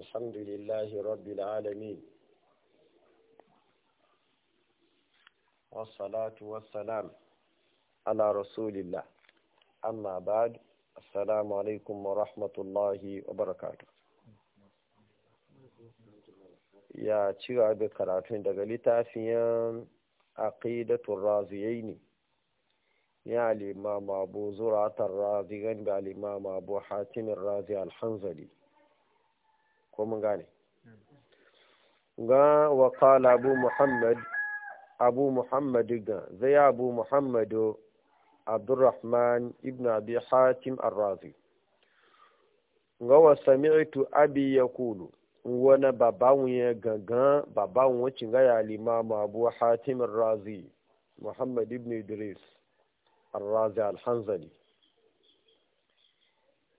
الحمد لله رب العالمين والصلاة والسلام على رسول الله أما بعد السلام عليكم ورحمة الله وبركاته ya ci gaba karatun daga littafin aqidatul ne. ya al-imam abu zuratar razi gan da al ko mun gane hmm. ga wa qala abu muhammad abu muhammad ga zai abu muhammadu abdurrahman ibn abi hatim arrazi ga wa sami'tu abi yaqulu wani babawun ya gangan babawun wacin gaya limamu abu hatim razi muhammad ibn idris al-razi al-hanzali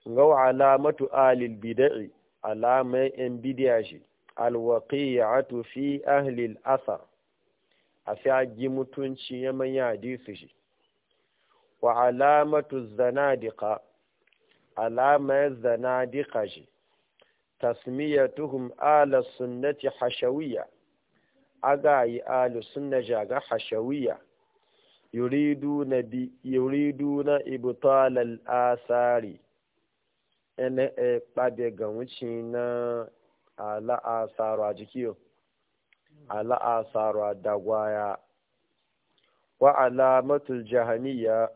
alamatu alil bida'i alamai yan bidiya shi alwaƙiyatu fi ahlil asar a fi agi mutunci ya manya hadisi shi wa alamatu zanadika alamai zanadika shi tasmiyatuhum ala sunnati hashawiyya aga yi alu sunna jaga hashawiyya yuridu na ibtalal asari ene e kpade ga wuce na ala asaru a jikiyo ala asaru a dagwaya wa alamatul jahaniya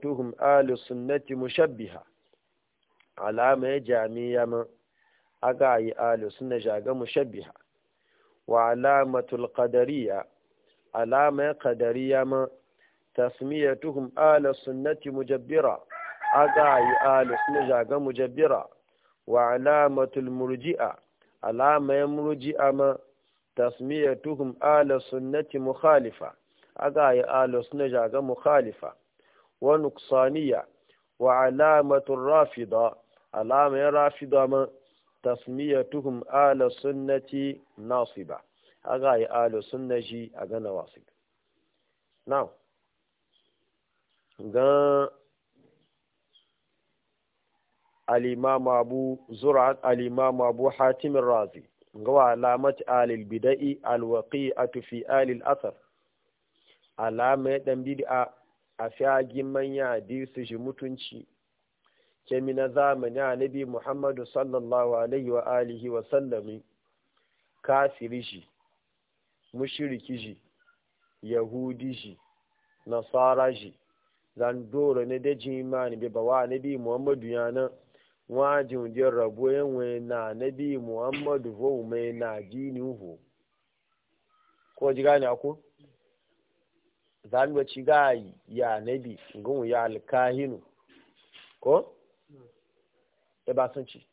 tuhum ahli sunnati mushabbiha alama ya jami'a ma ga yi ahli sunna jaga mushabbiha wa alamatul qadariya alama ya qadariya ma tuhum ahli sunnati mujabbira aga yi alif na jaga mujabbira wa alamatul murji'a alamayen murji'a ma tasmiyatuhum ala sunnati mukhalifa aga yi alif na jaga mukhalifa wa nuksaniya wa alamatul rafida alamayen rafida ma tasmiyatuhum ala sunnati nasiba aga yi alif ji a gana wasu now الإمام أبو زرعة الإمام أبو حاتم الرازي وعلامة آل البدء الوقيعة في آل الأثر علامة دنبيد أفياج من يعديس جمتنشي كمن زامن نبي محمد صلى الله عليه وآله وسلم كافرشي مشركشي يهودشي نصارشي zan dole ne da jimani bai bawa ne bi muhammadu yana wajin jin rabo yanwe na nabi muhammadu ho mai na jini ho ko ji gane ko zan ba ci ga ya nabi gun ya alkahinu ko e ba san ci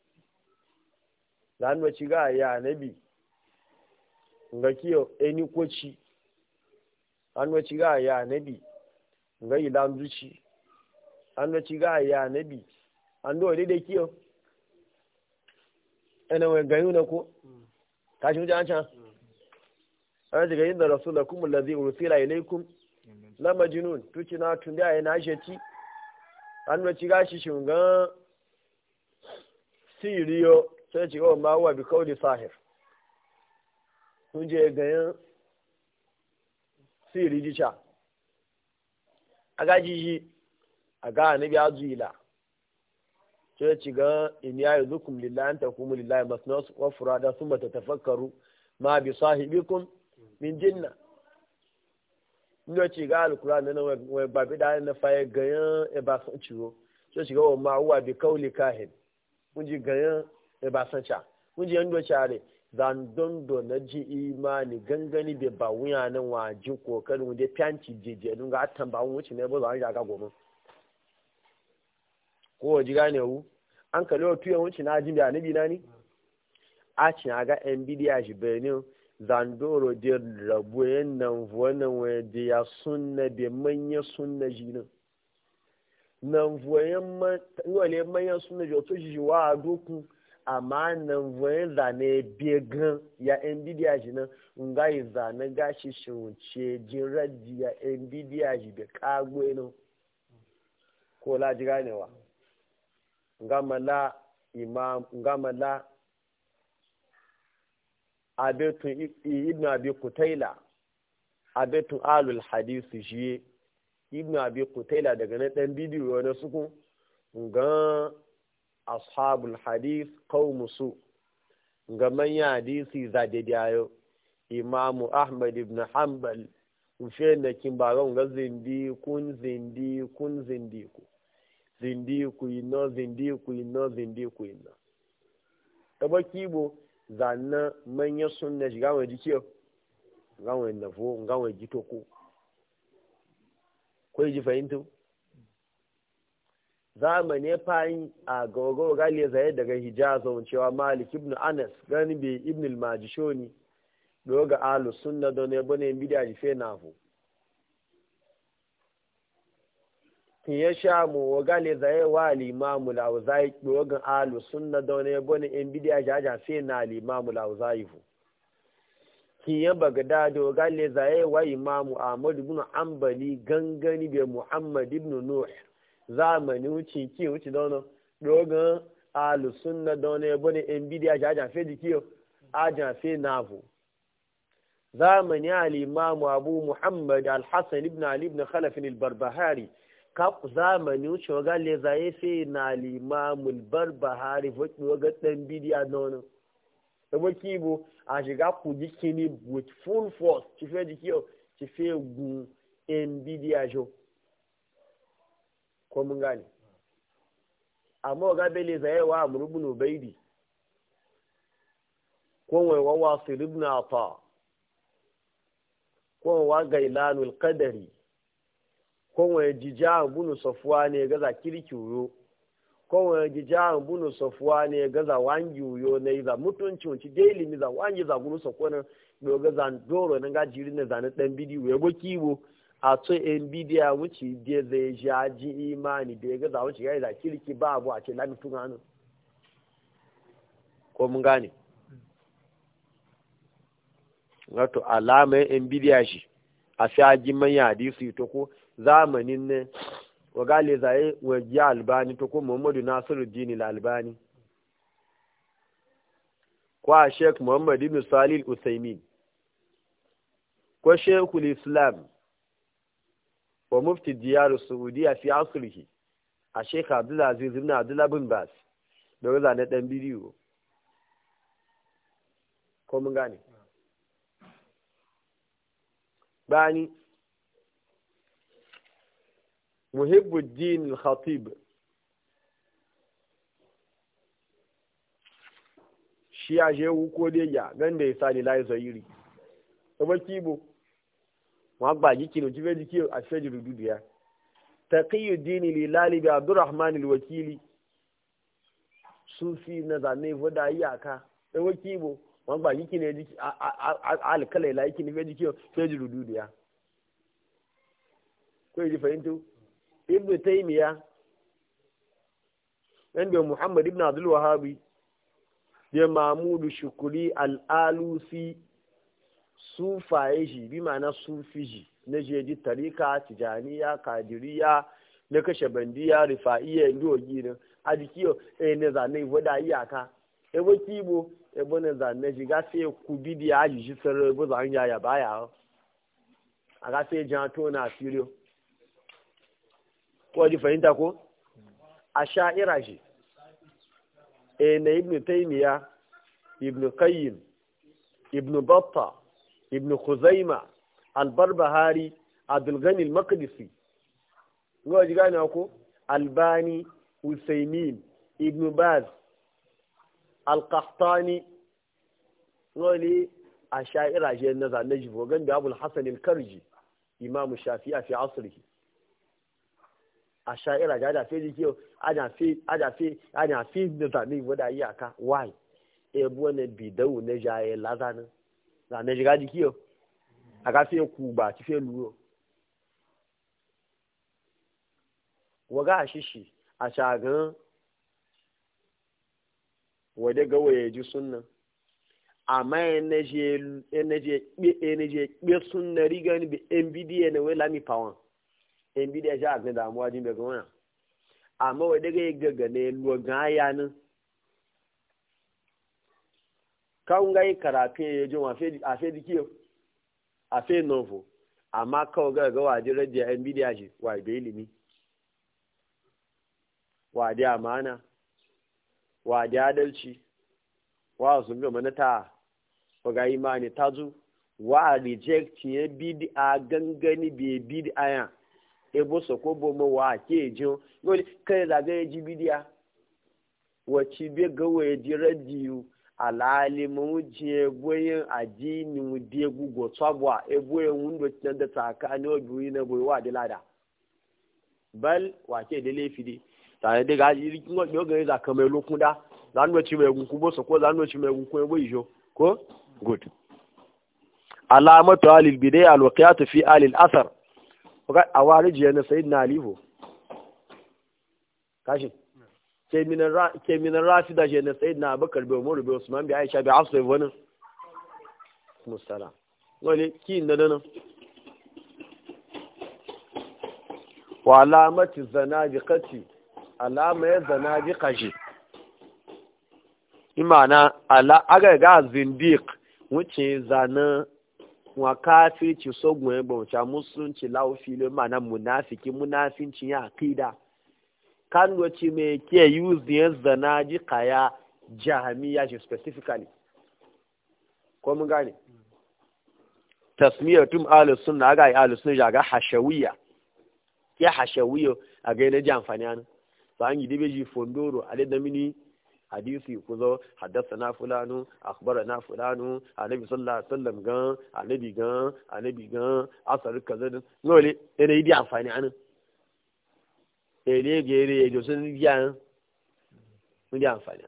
zan ba ci ga ya nabi nga kiyo eni ko ci ci ga ya nabi nga ilan zuci an ba ci ga ya nabi ando dai dai kiyo ana wai gayu na ko ka shi wajen can an ji gayin da rasulakum allazi ursila ilaykum la majnun tuci na tun da yana ci. an ma ci gashi ga siriyo sai ci ga ma wa bi kauli sahir kunje je gayin siri cha aga ji aga bi azila sai ci ga in ya yi zukun lillahi ta kuma lillahi masnas wa furada thumma tatafakkaru ma bi sahibikun min jinna ndo ci ga alkura na wa babi da na faye ganyen e ba san ciwo sai ci ga wa ma huwa bi qawli kahin mun ji gayan e ba san cha mun ji ndo chare zan dondo na ji imani gangani bai ba wuya nan wa ji kokarin wajen fiyanci jeje dun ga tamba wuce ne ba zan ga gomin ko waje gane wu an kalli wa tuyan wuce na ajin da nabi na ni a cin aga yan bidiya shi benin zandoro da rabu yan nan wannan waje ya sunna da manya sunna jinin nan voyen wale manyan suna jo to shi wa adoku amma nan voyen zane began ya nvidia shi nan nga yi zane gashi shunce jin raddi ya nvidia shi da kago ino ko la ji ganewa ngamala imam ngamala abetu ibn abi kutaila abetu alul hadis jiye ibn abi kutaila daga na dan bidiyo na suku ga ashabul hadis qaum su ga ya hadisi za da dayo imamu ahmad ibn hanbal ufe na kin ba ga zindi kun zindi kun zindi ku zindiku ino zindiku ino zindiku ino ɗaba kibo zanna manyan sunna shiga gawo na gawai gawo ji jitoko ko ji fahimtu zamane fayin a gogo gali zaye daga hijazo cewa malik ibn anas gani bi ibn al-majishoni doga alu sunna don ne bane bidiya jife nafo ya sha mu waga le zaye wa limamu lauzai wagan alu sunna da wani yabo ne in bidiya jaja fe na limamu lauzai fu kiyan bagada da waga le zaye wa imamu Ahmadu, ibn ambali gangani be muhammad ibn nuh zamani wuce ki wuce da wani dogon alu sunna da wani yabo ne in bidiya jaja fe dikiyo aja fe na fu zamani alimamu abu muhammad Alhassan, ibn ali ibn khalaf al kap zamani wuce waga le zaye fe na limamul bar bahari vaki waga ɗan bidiya nono wani ɗaba kibo a shiga ku jiki kini with full force ci fe jiki yau ci fe gun ɗan bidiya jo ko mun gane amma waga bai le zaye wa no baidi ko wai wawa siribna ta ko wa gailanul qadari kowane jija bunu safuwa ne gaza kirki wuyo kowane jijahan bunu safuwa ne gaza wangi wuyo na yi za mutunci wanci daily ni za wangi za gunu na do gaza doro na gajiri na zane dan bidi wuyo bo kiwo a to bidi bidiya wuce da zai ji imani da gaza wuce yayi za kirki ba abu a ce lamitun hannun ko mun gane wato alamar bidi bidiya shi a sai a ji manya hadisi to ko zamanin ne wa gale zaye wa ji albani to ko muhammadu nasiru dini albani ko a sheik muhammad ibn salil usaimin ko sheikul islam wa mufti diyar saudiya fi asirhi a sheik aziz ibn abdullah bin bas da wuza na dan bidiyo ko mun gane bani محب الدين الخطيب shi a je wuko leya gan da ya sa ni layi zayiri ọba kibo wọn gba jiki ni jibe jiki a shaji rududu ya taqiyu dini li lalibi abdurrahman alwakili sufi na zane voda iyaka ọba kibo wọn gba jiki ne jiki alkalai layi kini fe jiki shaji rududu ya ko yi fahimta ibn taymiya ɗan muhammad ibn abdul wahabi da mamudu shukuri al'alusi sufaye shi bi ma'ana sufi shi na jeji tarika tijaniya kadiriya na kashe bandiya rifa'iya yanzu wa gina a jiki yau eh, na zane wada iyaka ebo kibo ebo na zane shi ga sai ku bidiya shi sarar bu zan yaya baya a ga sai jan tona a firiyo ko ji fahimta ko a sha'ira shi e na Ibnu taimiya ibn qayyim ibn batta ibnu khuzaima albarbahari barbahari abdul ghani al-maqdisi ko albani usaymin ibnu baz al-qahtani ngo a sha'ira shi na zanaji ko gambe abul Hassanin, karji imam shafi'a fi asrihi àṣàyẹ̀rà àjà àfẹ́ ní kí o àjàfẹ́ àjàfẹ́ àjàfẹ́ nígbà mí dà yí àká wáì ẹ̀bú ọ̀nà bìdánwò nẹ́jà ẹ̀ lásán náà nẹ́jà kí o àkàfẹ́ kù gbà àti fẹ́ lu o. wọ́gá àṣìṣì àṣà gan wọ́dẹ́ gọ́wọ́ yẹ̀ ju súnà àmọ́ ẹnẹ́jẹ̀ pé súnà rí gan níbi mbda ẹ̀ náà wẹ́ lámì pa wọn. in bi da sha kan damuwa jin daga wani amma wai daga gaga gagane luwa gaya nan kawun ga yi karafe ya ji a fe dikiyo a fe nofo amma kawai ga ga waje rajiya bi bidiya shi wa da ilimi wa di amana wa di adalci wa su ga mana ta wa ga imani ta zu wa reject ya a gangani bai bidiya ebo soko mo wa ke e jin ngoli e kai e da ga ji bidiya wace be ga waye ji radio alali mu je boyin ajini mu de gugo tsabwa ebo e en wundo tan da taka ne obi na boy wa de lada bal wa ke de lefide tare de ga ji kin go ga za kama lokun da zanu ci mai gunku bo soko zanu ci mai gunku ebo ijo ko good alamatu alil bidai alwaqiyatu fi alil asar a wariji yana sayid na alihu kashin keminan rafi da shi na sayid na abakar bai umaru bai usman bai aisha bai afsai wani musala wani kiyin da danan wa alamati zanadiqati alama ya zana bi kashi imana ala aga ga zindiq wuce zana. wa kafirci sogun ya e bauta musulunci laufilin mana munafiki munafinci ya akida kan wace mai ke yi ya zana ji kaya jahamiya shi specifically ko mun gane tasmiyar tum alisun na ga yi alisun ya ga hashawiya ke hashawiya a ga yi na ji amfani anu ba an yi dibe ji fondoro a da hadisi ku zo na fulanu akhbarana na annabi sallallahu alaihi wasallam gan annabi gan annabi gan asar kaza din nole ene yi amfani anan ele gere ejo sun yan mun di amfani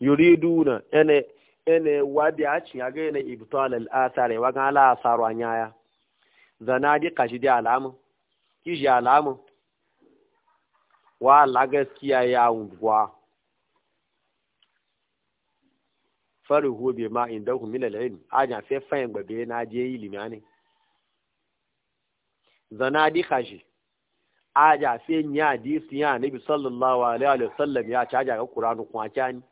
yuriduna ene ene wadi a cin aga ene ibtal al athar wa ga la asaru anyaya zanadi kashi di alamu kishi alamu wa la gaskiya ya unguwa farihu bi ma indahu min al-ilm aja fe fayin gbabe na je ilimi ne zanadi khashi aja fe nya hadisi ya nabi sallallahu alaihi wa sallam ya ci aja ga qur'anu kuma cani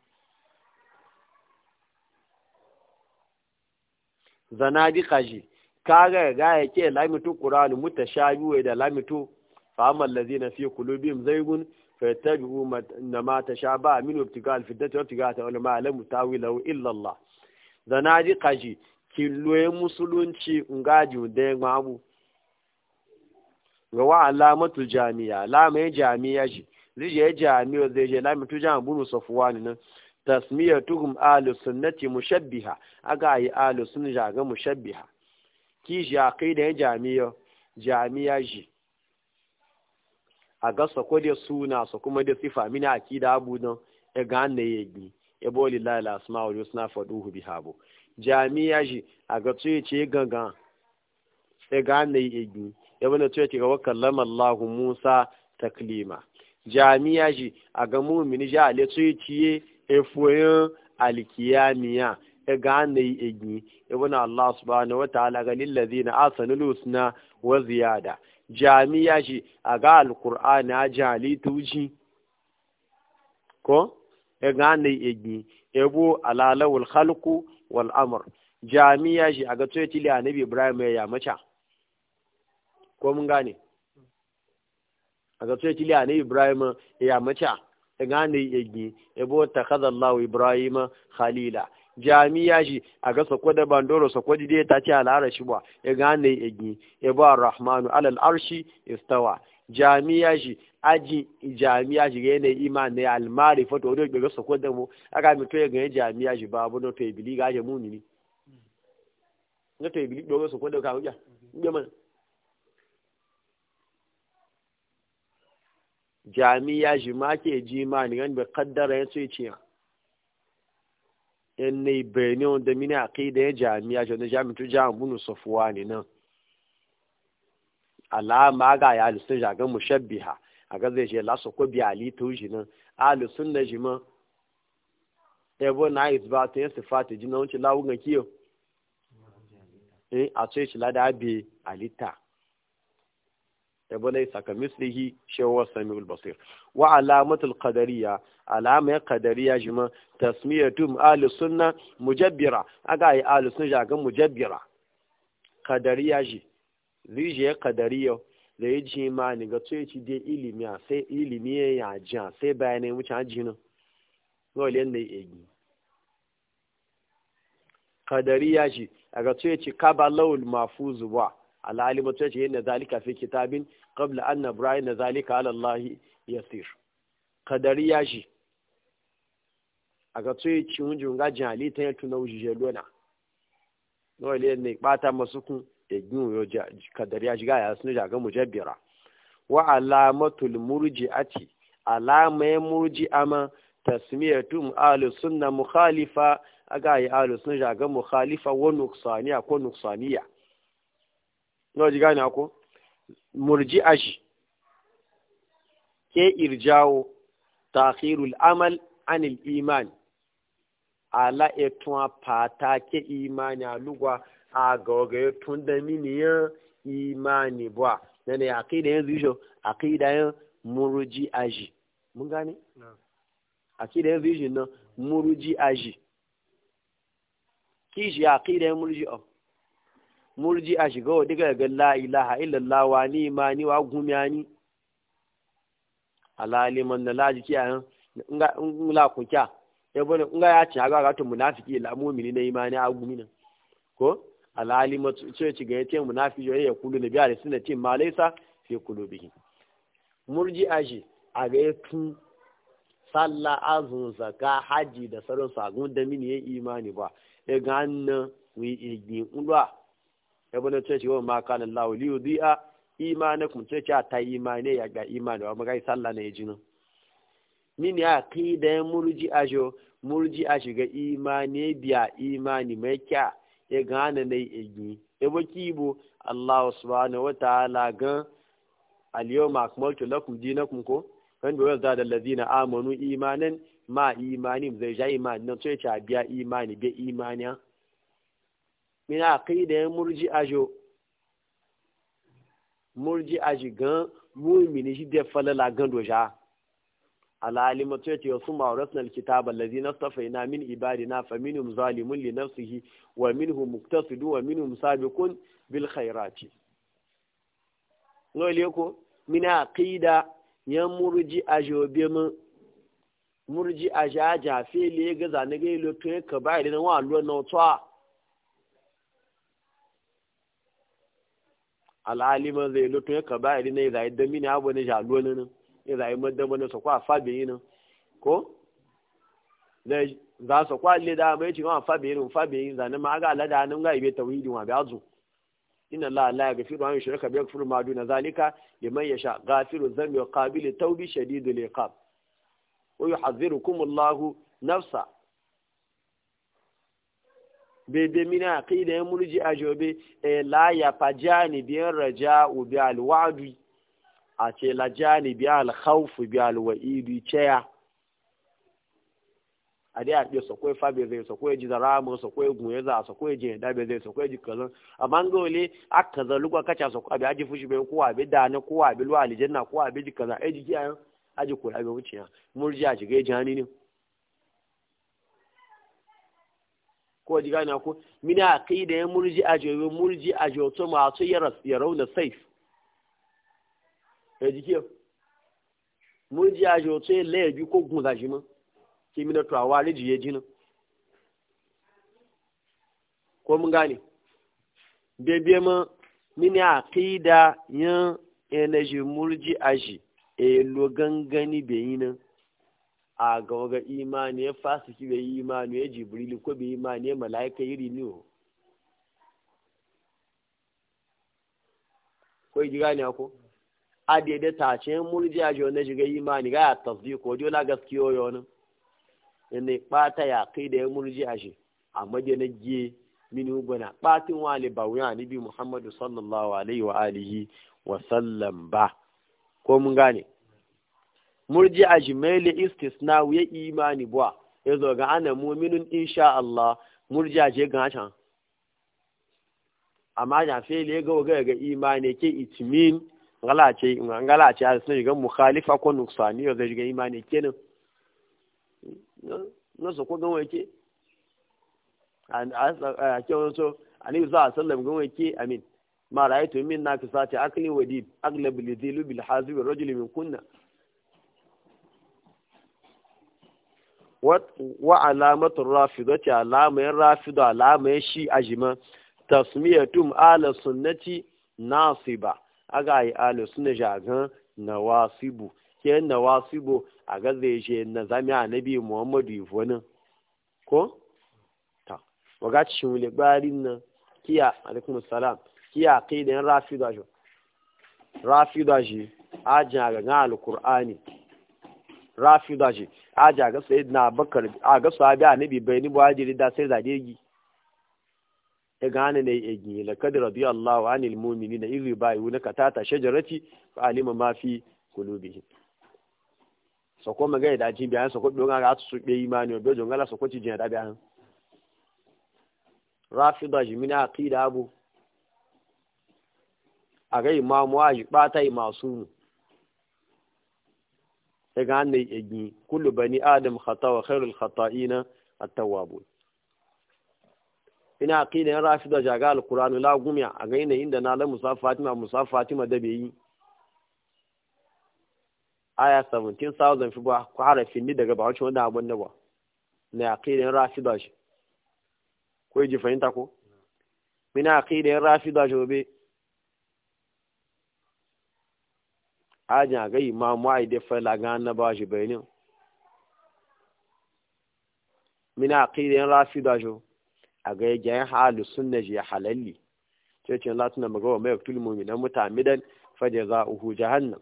zanadi khashi kaga ga ya ke lamitu sha mutashabihu da lamitu fa amal ladina fi qulubihim zaygun fayattabi'u ma a min ibtigal fitati wa ibtigal ta ulama la mutawilahu illa Allah zanaji kaji loye musulunci ngaji da mabu ga wa alamatul jami'a lamai jami'a ji zije jami'a zai je lamitu jami'a bunu safwani nan tasmiyatuhum ahlus sunnati mushabbiha aga yi ahlus sunna ga mushabbiha kishi a kai da ya jami'a jami'a shi a ga sako da suna su kuma da sifa mini a kida abu nan ya ga an na ya gi ya boli lala asma wa yusuf suna faɗu hu bi habo jami'a shi a ga tsoye ce gangan ya ga an na ya gi ya bane tsoye ce ga wakallam allahu musa taklima jami'a shi a ga mumini ja ale tsoye ciye efoyin alkiyamiya e gane yi egi ibn Allah subhanahu wa ta'ala ga lillazina asanul husna wa ziyada jami'a shi a ga alqur'ani a jali tuji ko e gane yi egi ebo alalawul khalqu wal amr jami'a shi a ga tsoye tili annabi Ibrahim ya maca ko mun gane a ga tsoye tili annabi Ibrahim ya maca gane yi egi ebo ta kaza Allah Ibrahim khalila jami'a shi a ga sako da bandoro sako dai ta ce al'ara shi ba ya gane igi ya ba rahmanu alal arshi istawa jami'a shi aji jami'a shi ga yanayi iman ne almari fato wani ga sako da mu aka mi to ga gane jami'a shi babu na to ibili ga je mumini na to ibili dogo sako da ka hujja ya mana jami'a shi ma ke ji ma ni gan bai kaddara ya ce ciya yan na bayani wanda mini a kai da ya jami'a shi wanda jami'a tu jami'a bunu safuwa ne nan alama ga ya alisun jagan mushabbiha a ga zai je lasa ko biya ali ta wuce nan alisun na jima ebo na is ba ta yin sifati jina wuce lawugan kiyo eh, a ce shi lada bi alita yabo laisa ka mislihi shawar samiul basir wa alamatul qadariya alama qadariya jima tasmiyatum ahli sunna mujabbira aga yi ahli sunna jagan mujabbira qadariya ji zije qadariya da ya ji ma ni ga tsoye ci dai ilimi a sai ilimi ya ji a sai bayanai wuce ajinu wale yadda ya egi qadariya ji a ga tsoye ci kaba lawul mafuzu ba alhali mutum ce yin zalika fi kitabin qabla anna ibrahim na zalika ala Allah yasir kadari ya shi a ga tsoye cikin junga jihali ta yantu na wujije lona nawa ne ne bata masu kun egun yo kadari ya shiga ya sunu jaga mujabbira wa alamatul murji'ati alamai murji'a tasmiyar tasmiyatum ahlus sunna mukhalifa aga ya ahlus sunna jaga mukhalifa wa nuksaniya ko nuksaniya na ji gane ko murji ashi ke irjawo takhirul amal anil iman ala etun pata ke imani alugwa a goge tun da miniyan imani bwa na ne akida yin zujo akida yin muruji aji mun gane akida yin zujo na muruji aji kishi akida yin muruji o murji a shiga wa diga ga la ilaha illallah wa ni ma ni wa gumiya ni alaliman na laji kiya nga la ku kya ya bane nga ya ci aga ga to munafiki la mu'mini ne imani a gumina ko alalima ce ci ga yace munafiki yo ya kulu nabi alaihi sunnati ma laisa fi qulubihi murji a shi a ga yakin salla azun zaka haji da sauran sagun da mini ya imani ba ya ga annan wi igin ulwa ya bane ce shi wa ma kana Allah li yudi'a kun ce ce ta imane ya ga imani wa magai sallah ne jinin min ya qida murji ajo murji a shiga imanin biya imani mai kya ya e gane ne egi e baki bo Allah subhanahu wa ta'ala gan al makamaltu akmaltu lakum dinakum ko kan bi wazda da lazina amanu imanin ma imanim zai ja imanin sai ce biya imani be imaniya min aqida ya murji ajo murji aji gan mu'mini shi da falala gan doja suma to yace wasu ma'auratan na allazi na min ibadina faminhum zalimun li nafsihi wa su, muqtasidu wa minhum sabiqun bil khairati ngole ko min aqida ya murji ajo be mun murji aja ja fi le ga zanage lo to ka ba idan wa lo na to al'aliman zai lutun ya kaba iri na izayi don mini abu na jalo na nan izayi madaba na sakwa fabi yi nan ko na za su kwa le da mai cikin fabi yi nan fabi yi zane ma aga alada nan ga ibe ta tawhidin wa biazu ina la la yaghfiru an shirka bi yaghfiru ma duna zalika liman yasha ghafiru dhanbi wa qabilu tawbi shadidul iqab wa yuhadhdhirukum Allahu nafsa bebe mini aqida ya murji ajobe e eh, la ya fajani biyan raja u bi alwadu a ce la jani bi al khawf bi al wa'id cheya ade a biyo sokwe fabe zai sokwe ji zaramo sokwe gunye za sokwe ji da be zai sokwe ji kazan amma ngole aka za lugwa kacha sokwe abi aji fushi be ko abi da ne ko abi lu aljanna ko abi ji kaza e ji kiyan aji ko abi wuciya murji a ji ga jani ne ko ji gane ko mina aqida ya murji a jawo murji a jawo to ma to ya rauna saif e jike murji a jawo to le bi ko gun da shi ma ki mina to awari ji ye jina ko mun gane bebe ma mina da ya energy murji aji e lo gangani be yinan a ga waga imani ya fasiki da imani ya jibrili ko bi imani ya malaika yiri ni o ko yi gani ako a da da ta ce murjiya jo na jiga imani ga ko jo na gaskiyo yo nan ne kpata ya kai da murjiya shi amma da na je mini ubana patin wale bawuya ni bi muhammadu sallallahu alaihi wa alihi wa sallam ba ko mun gane murji a jimele istisna ya imani buwa ya zo ga ana muminin insha Allah murji a je gan can amma ya fele ga ga ga imani ke itimin ngalace ngalace a sun ga mukhalifa ko nuksani ya zai ga imani kenan na so ko gan wake an a ke so ani za sallam gan wake amin ma ra'aytu minna kasati akli wadid aglab lidhilu bil hazib rajul min kunna wa rafido rafidati alamayen rafido alamayen shi a ajima tasmiyatum ala sunnati nasiba a ga yi ala sunna jagan nawasibu ke nawasibu a ga zai je na zami annabi muhammadu ivonin ko ta waga cikin wule gbarin nan kiya alaikum salam kiya kai da rafidu ajo rafidu aji ajin a gagan alkur'ani rafida shi aja ga sai na bakar a ga sahabi nabi bai ni buhari da sai zage gi ta gane ne e gi la kad radiyallahu anil mu'minina idh yubayuna katata shajarati fa alima ma fi qulubihim so ko magai da ji biyan sako ko don ga su be imani obi ojo ngala sako ci jin da biyan rafida shi mina aqida abu a ga imamu a yi bata masu mu daga ga hannun igi kullu bani adam khata wa khairul khata'ina at-tawwabun ina aqidan rafida jaga al-qur'an la gumiya a ga ina inda na la musa fatima musa fatima da bai yi. aya 17000 fi ba ku harafin ni daga ba wacce wanda abun da ba na aqidan rafida shi ko ji fahimta ko mina aqidan rafida jobe aja ga imamu ai da fa la gan na ba shi bayani mina aqidan rafida jo gai ga halu sunna ji halalli ce ce la tuna magawa mai yaktul mu'mina mutamidan fa jazaohu jahannam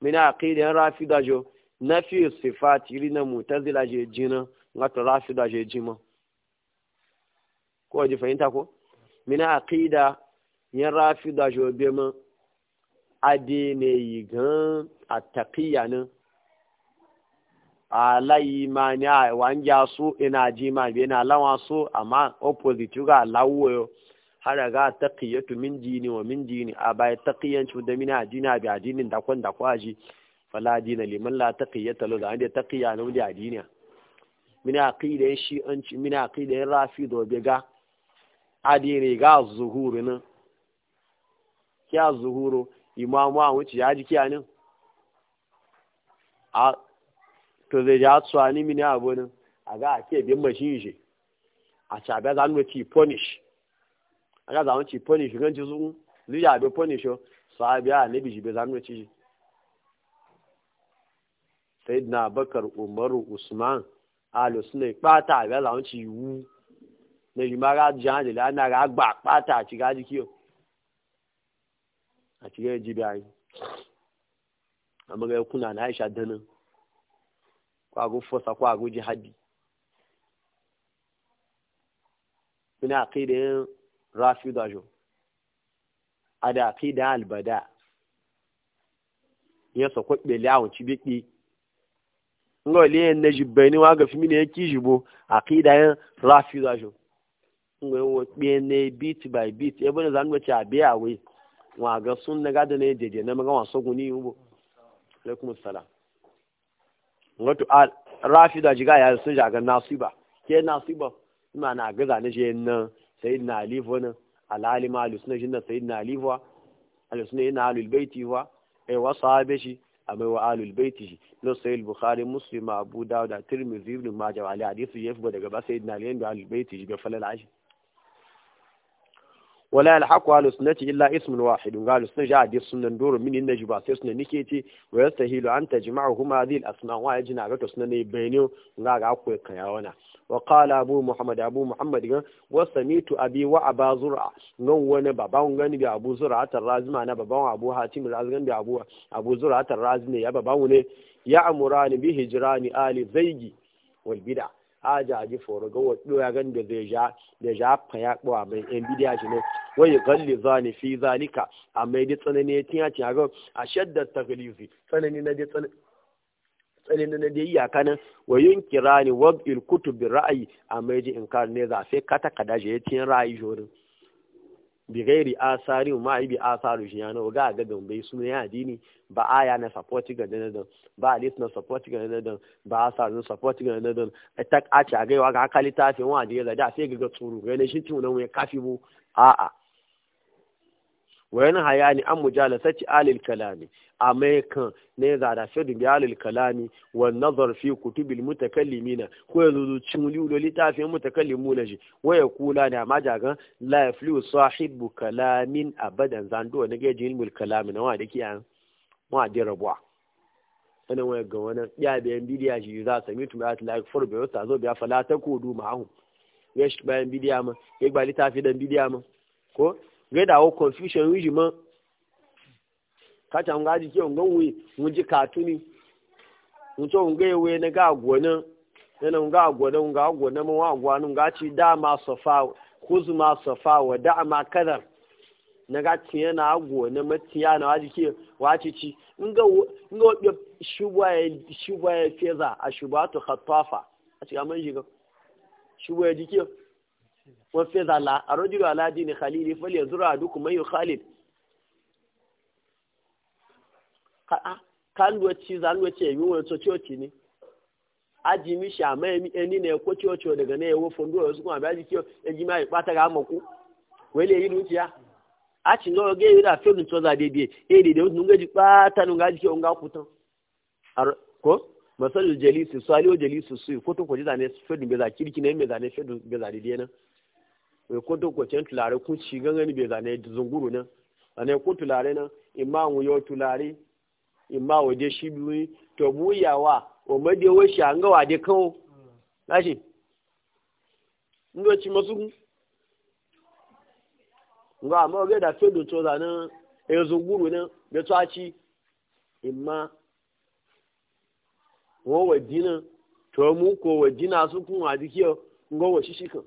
mina aqidan rafida jo nafi sifati na mutazila je jina ngato rafida je jima ko ji fahimta ko mina aqida yan rafida jo bema ade ne yi gan attaqiya nan alayi ma ni a ya so ina ji ma bi ina lawa so amma opposite ga lawo yo har ga taqiyatu min dini wa min dini a bai taqiyanci da mina adina bi dini da kwan da kwaji fala dina liman la taqiyata lo da ande taqiya no da adina mina aqida shi an ci mina aqida rafido be ga adini ga zuhuru nan kya zuhuru imamu a wuce ya ji kiyanin a to zai ja tsuwa ni mini abu nan a ga a ke bin mashin shi a cabe za nuna ci punish a ga zama ci punish gan ci sun zuya be punish su a nabi shi be za nuna ci sai na bakar umaru usman alo suna ipata a ga zama ci wu na yi mara jihar da lana ga gba pata a ci gaji kiyo a cikin yaji bayi a ga kuna na aisha danin kwago fosa kwago jihadi ina aqidan rafida jo ada aqida albada ya so kwabe lawon cibiki ngo le na jibbani wa ga fimi ne yake jibo aqida yan rafida jo ngo wo bi ne bit by bit e na zan wace abiya wa ga sun na gada ne jeje na maga wasu guni ubo alaikum salam wato rafi da jiga ya sun jaga nasiba ke nasiba ina na gaza na jiyan na na ali fona Alalima ma alusna na sayyidina ali wa alusna ina alul alulbaiti wa ai wasu sahabe shi a mai wa alulbaiti shi Na sayyid bukhari muslim abu dawuda tirmidhi ibn majah ali hadisi yafi daga ba sayyidina ali da alul shi ga falala shi wala yalhaqu ahlu sunnati illa ismun wahidun ga ahlu sunnati jadi sunan doro min inna juba sai sunan nike ce wa yastahilu an tajma'uhum hadhihi al-asma wa yajna ga to sunan ga ga akwai kayawana wa qala abu muhammad abu muhammad ga wa samitu abi wa aba zur'a wani baban gani bi abu zur'a tarrazima na baban abu hatim razgan bi abu abu zur'a tarrazima ya baban ne ya amurani bi hijrani ali zaigi wal bid'a ajaji foro ga wa da zai ja da ja fa ya kwa mai en bid'a shi ne wai galli zani fi zalika amma idan tsanani ya tinya ci ga a shadda taglizi tsanani na dai tsanani na dai iyaka nan wa yunkirani wab'il kutub bi ra'ayi amma yaji inkar ne za sai kata kada je ya tinya ra'ayi jorin bi gairi asari ma bi asaru shi yana ga ga gambe su ne addini ba aya na support ga da dan ba hadith na support ga da dan ba asaru na support ga dan dan attack a ci a gaiwa ga kalita fi wa da ya da sai ga tsuru ga ne shi tunan mai kafi bu a'a wayan hayani an sace alil kalami mai kan ne za da fi dubi alil kalami wannan zarfi kutubil kutubil na ko ya zuzu cin liulo littafin mutakallimu na shi waya kula ne amma jagan la sahibu kalamin abadan zando ne ga ilmul kalami na wani dake yan da rabuwa ana waya ga wani ya bayan bidiya shi za sami tu ya tilak furbe wata zo biya fala ta kodu ma'ahu ya shi bayan bidiya ma ya gba littafi dan bidiya ma ko gẹ́dà ó confusion wíjì mọ́ kátà ń gájí kí òǹgá wùí ń jí kàtú ni ń tó ń gé ewé ní gáàgùọ́ na nga ci dá ma sọ̀fà kúzù máa sọ̀fà na ga na agwo na matiya na waji ke wace ci shubwa ya e, e feza a shubatu khatafa a shubwa e wasu zala a rajulu aladi ne khalili fal yanzu ra duk mai khalid kan wacce zan wacce yi wani socioci ne aji mi sha mai eni ne ko ciocio daga ne yawo fondo wasu kuma ba jiki ya ji mai bata ga maku wai le yi dukiya a ci no ge yi da fe dun to za de de e de de nun ga ji bata nun ga jiki on ga kutan ko masalul jalisi salihu jalisi su ko to ko ji zane fe dun be za kirki ne me zane fe dun be za de de mai kwato kwacen tulare kun ci gangani bai zane zunguru nan a ne ko tulare nan imma mu yau tulare imma wa dai shi biyu to mu yawa o ma dai wa shi an ga wa dai kawo lashi ndo ci masu nga amma ga da fedo to zanan e zunguru nan da tsaci imma wo wa dina to mu ko wa dina su kun wa dikiyo ngo wa shi shi kan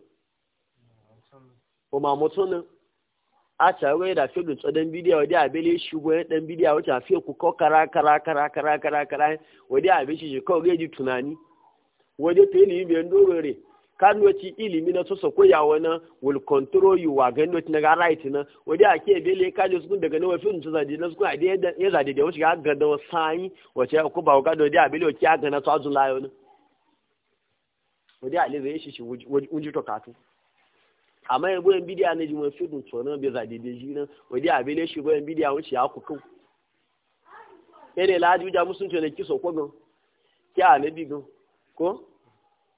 kuma mutunin a cawe da fi lutsa dan bidiya wadi bele shi goyen dan bidiya wata a fiye ku ko kara kara kara kara kara kara wadi a shi shi kawai ji tunani wadi ta ilimi biyan dorore kan wacce ilimi na soso ko yawo na will control you wa gani wacce na right na wadi a ke bele ka ji sukun daga nawa fi lutsa zade na sukun dai ya zade da wacce ga gada sai wacce ya ba wa da wadi abele wacce ya gana su azun layo na wadi a leza ya shi shi wuji to katu. amma ya bayan bidiya na jimai fidin tsoron bai zaɗe da shi nan wadi a bele shi bayan bidiya wuce ya ku kan yana laji wuja musun ce na kiso ko gan ki a na bigan ko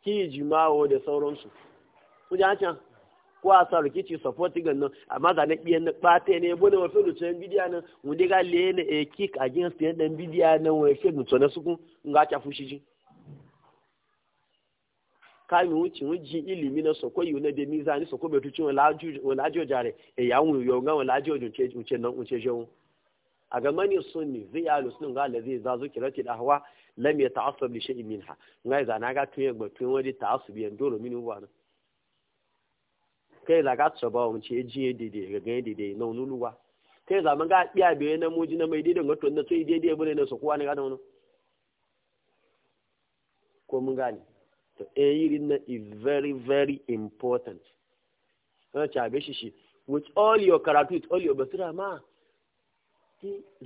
ki jimawo da sauransu wuja can ko a sa rikici support gan nan amma ga na biyan na ɓata ne bude wa fidin tsoron bidiya nan wunde ga le na a kick against yan dan bidiya nan wa fidin tsoron sukun nga ta fushi jin káyọ̀ ń tì ń jí ìlì mi náà sọ̀kọ́ yìí onídé mísà ní sọ̀kọ́ bẹ̀rù tí wọn lájọ́ ọjà rẹ̀ ẹ̀yà ń yọ ọ̀gá wọn lájọ́ ọjọ́ ńṣe ṣe wọn. àgàmánì sun ni zai yà lùsùn nga lẹ́sìn ìzazó kìlọ̀ ti dà wá lẹ́mìí ta ha nga ìzà náà ká tún yẹ gbọ̀ tún wọn di ta asọ̀ bí to irin na is very very important sana cabe shi shi with all your karatu with all your basira ma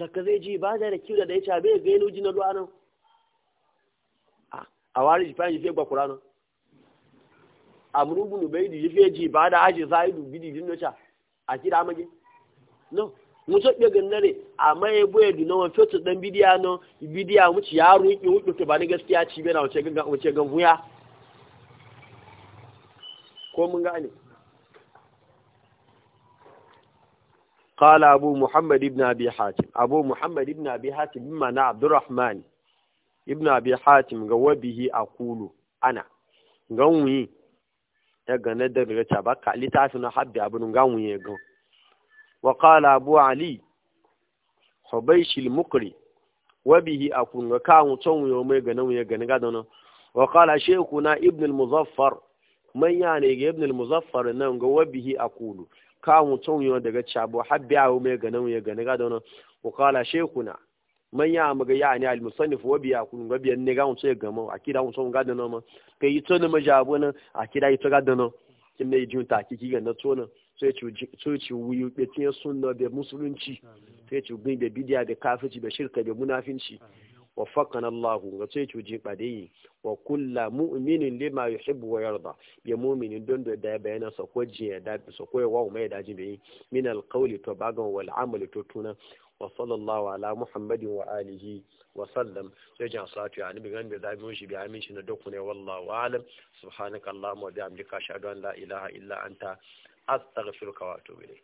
da ka zai ji ba da da da ya abe ga yi nuji na ruwa nan a wari jifa yi fiye kura nan amurubun bai da fiye ji ba da aji zai dubi da jin nocha a kira mage no mutu ɗaya gannare a maye boye duna wani fetus ɗan bidiya nan bidiya wuce yaro yake wuce ba na gaskiya ci bai na wuce gan wuya ko mun ga ne? Kala abu muhammad ibn abi hatim abu muhammad ibn abi hatim mana abdurrahman ibn abi hatim ga wabihi a kulu ana ganwuyi ya gane da rica ba ka li tafi na haɗe abin ganwuyi ya gan wa kala abu ali hobaishil mukri wabihi a kulu ga kawun canwuyo mai ganin ya gani ga wa kala shekuna ibn al-muzaffar man ya ne ga ibn al-muzaffar nan ga wabihi aqulu ka mutum yo daga chabo habbi awu mai ga nan ya ga ga don wa qala man ya mu ga ya ne al-musannif wabi aqulu ga biyan ne ga mutum ga mu akida mutum ga don ma kai to ne majabo nan akida ito ga don kin ne jin ta kiki ga na tona sai ci wuyu da tiyan sunna da musulunci sai ci gbin da bidiya da kafirci da shirka da munafinci wa fakana yalaku gaske sojin fadai wa kula mu lima da shi buwayar da ya muminin don doye da yaba yana sa kowace da ta sako yawa mai daji ta zama min alƙawulit da ta bagawa wani amala da turtuna wa sallalahu alaihi muhammad wa'azir wa sallam sojin asalatu ya canji da shi da amishin na duk wani wala subhanakala ma waje amir kashi adon